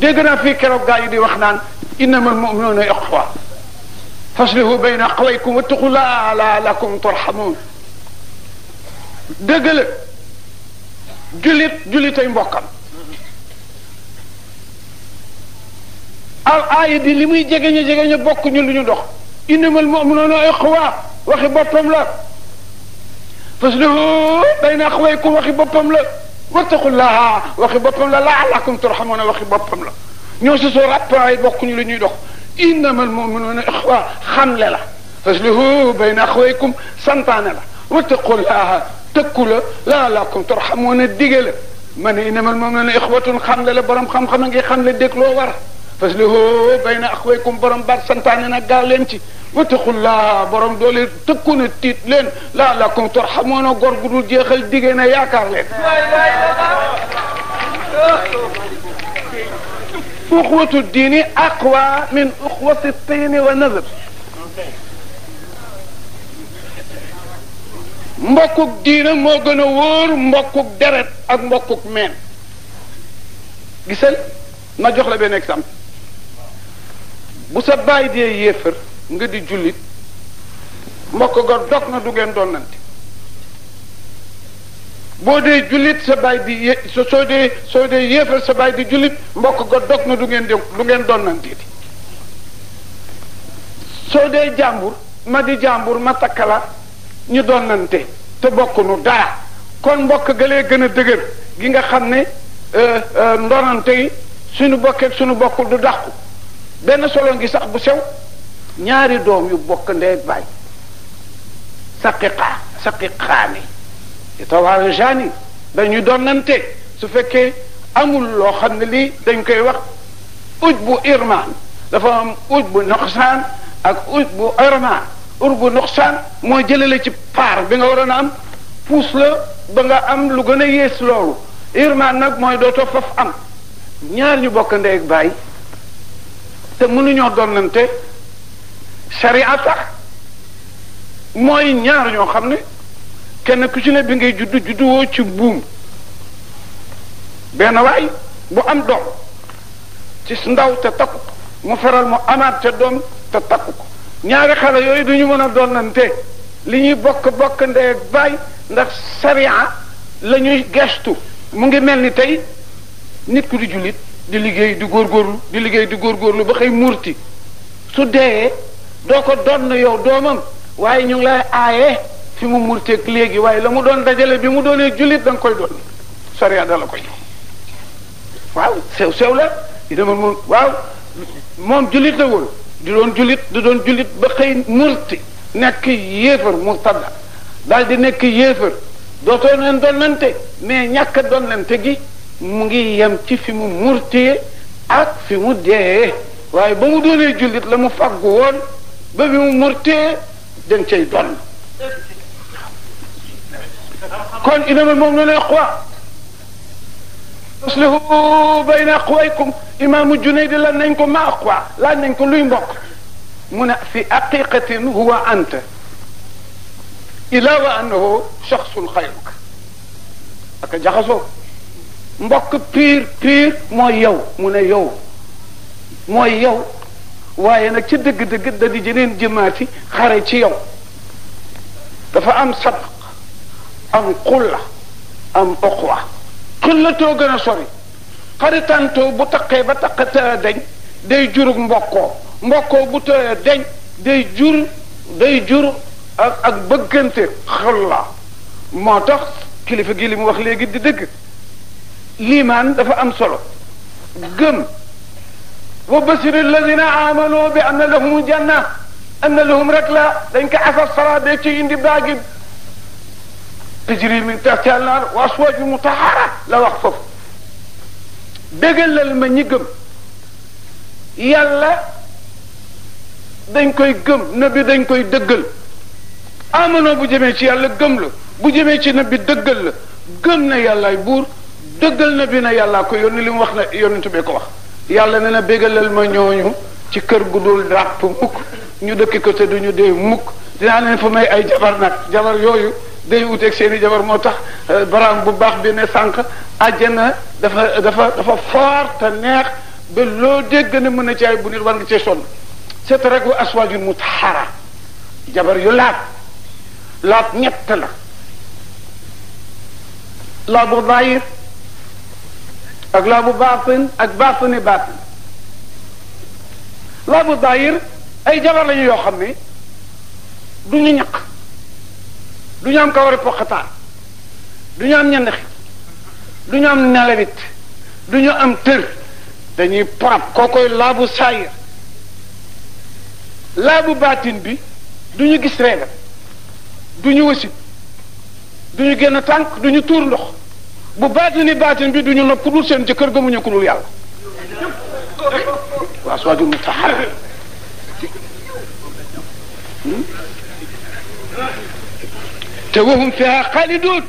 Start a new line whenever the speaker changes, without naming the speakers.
dégg naa fii keroog gaa yi di wax naan innama almuminuuna iqwa faslihu bayna aqwaykum wattaqu laa laalakum turhamuun dëgg la julit julitay mbokkam al aaya di li muy jegeñe jegeñe bokk ñu lu ñu dox innama almuminuuna iqwa waxi boppam la faslihu bayna aqwaykum waxi boppam la wattaqu llaha waxi boppam la laalakum turhamuna waxi boppam la ñoo si soo rappay bokkuñu lu ñuy dox innama almuminuna ixwa xamle la faslihu bayna axwaykum santaane la wattaqu llaha tëkku la laalakum turhamuna dige la ma ne innama almuminuna ixwatun xamle la borom xam-xam a ngi xamle dég loo war فاسله بين اخويكم برم بار سنتانينا غالنتي وتقول لا برم دول تكون التيت لين لا لكم ترحمون غور غدول جيخال ديغينا ياكار لين أخوة الدين أقوى من أخوة الطين والنظر مبكوك دين موغن وور مبكوك درت أك مبكوك مين جسل ما جوخ لبين اكسامت bu sa bàyyi dee yéefar nga di jullit mbokk ga dog na du ngeen donnante boo dee jullit sa bàyyi di yé soo dee soo dee yéefar sa bàyyi di jullit mbokk ga dog na du ngeen de du ngeen donnante di soo dee jàmbur ma di jàmbur ma takkala ñu donnante te bokkunu dara kon mbokk ga lee gën a dëgër gi nga xam ne euh, euh, ndonante yi suñu bokkeek suñu bokkul du dàqu ben solo ngi sax bu sew ñaari doom yu bokk ndey bay saqiqa saqiqani saqiqaani yatawarajani dañuy donante su fekke amul lo xamne li dañ koy wax ujbu irman dafa am ujbu nuqsan ak ujbu irma urbu nuqsan mo jëlele ci par bi nga waroon a am puus la ba nga am lu gëna a yées loolu irman nag mooy dootoo faf am ñaar ñu bokk ndey ak bay te mënuñoo donnante sariya tax mooy ñaar ñoo xam ne kenn ku ci bi ngay juddu juddu woo ci buum benn waay bu am doom ci ndaw te takku ko mu feral mu amaat te doom te takku ko ñaari xale yooyu duñu mën a donnante li ñuy bokk bokk ndee baay ndax sariya lañuy gestu mu ngi mel ni tey nit ku di jullit di liggéey di góorgóorlu di liggéey di góorgóorlu ba xëy muurti su dee doo ko donn yow doomam waaye ñu ngi lay aaye fi mu murteeg léegi waaye la mu doon dajale bi mu doonee jullit danga koy doon sariya da la koy waaw sew sew la di moom waaw moom jullit la woon di doon jullit di doon jullit ba xëy murti nekk yéefar murtada daal di nekk yéefar dootoo leen doon lante mais ñàkk doon lante gi mu ngi yem ci fi mu murtee ak waaye ba mu doonee jullit la mu faggu woon ba bi mu murtee dañ cay kon inama moom ne ne aslihu bayna aqwaykum imaamu Junaydi lan nañ ko ma aqwa laaj nañ ko luy mbokk mu ne fi aqiqatin huwa anta ilaa wa annahu shaxsun xayruk ak a mbokk piir piir mooy yow mu ne yow mooy yow waaye nag ci dëgg-dëgg da di ji jëmaati xare ci yow dafa am sabq am xulla am oqwa xullatoo gën a sori xaritantoo bu taqee ba taq tëra deñ day jurug mbokkoo mbokkoo bu tëra deñ day jur day jur ak ak bëggante xulla moo tax kilifa gi li mu wax léegi di dëgg liimaan dafa am solo gëm wa basir alladina amanu bi anna lahum janna anna lahum rakla dañ ko asar sara bee ci indi baagi tajri min tahtiha al-nar wa aswaju mutahhara la wax foofu dégalal ma ñi gëm yàlla dañ koy gëm nabi dañ koy dëggal amano bu jëmee ci yàlla gëm la bu jëmee ci nabi dëggal la gëm na yàllaay buur dëggal na bi na yàllaa ko yónni li mu wax na yónnitu bee ko wax yàlla ne na bégalal ma ñooñu ci kër gu dul ràpp mukk ñu dëkk ko te ñu dee mukk dinaa leen fa may ay jabar nag jabar yooyu day wuteeg seeni jabar moo tax euh, baraam bu baax bi sànq àjjana dafa dafa dafa foor te neex ba loo dégg ne mën na ci bu nit war nga cee sonn c'est rek wa aswaajun mutahhara jabar yu laat laat ñett la laat bu daayir ak laabu baatin ak baatini baatin laabu daayir ay jabar lañu yoo xam ne du ñu ñaq du ñu am kawari poqataar du ñu am ñandaxi du ñu am nelawit du ñu am tër dañuy porab kookoy laabu saayir laabu baatin bi du ñu gis reegal du ñu wasit du ñu génn tànk du ñu tuur ndox bu baatini baatin bi duñu nag ku dul seen jëkkër gëmuñu ku dul yàlla waa aswaajul mutahhara hmm? te wahum fiha xaaliduun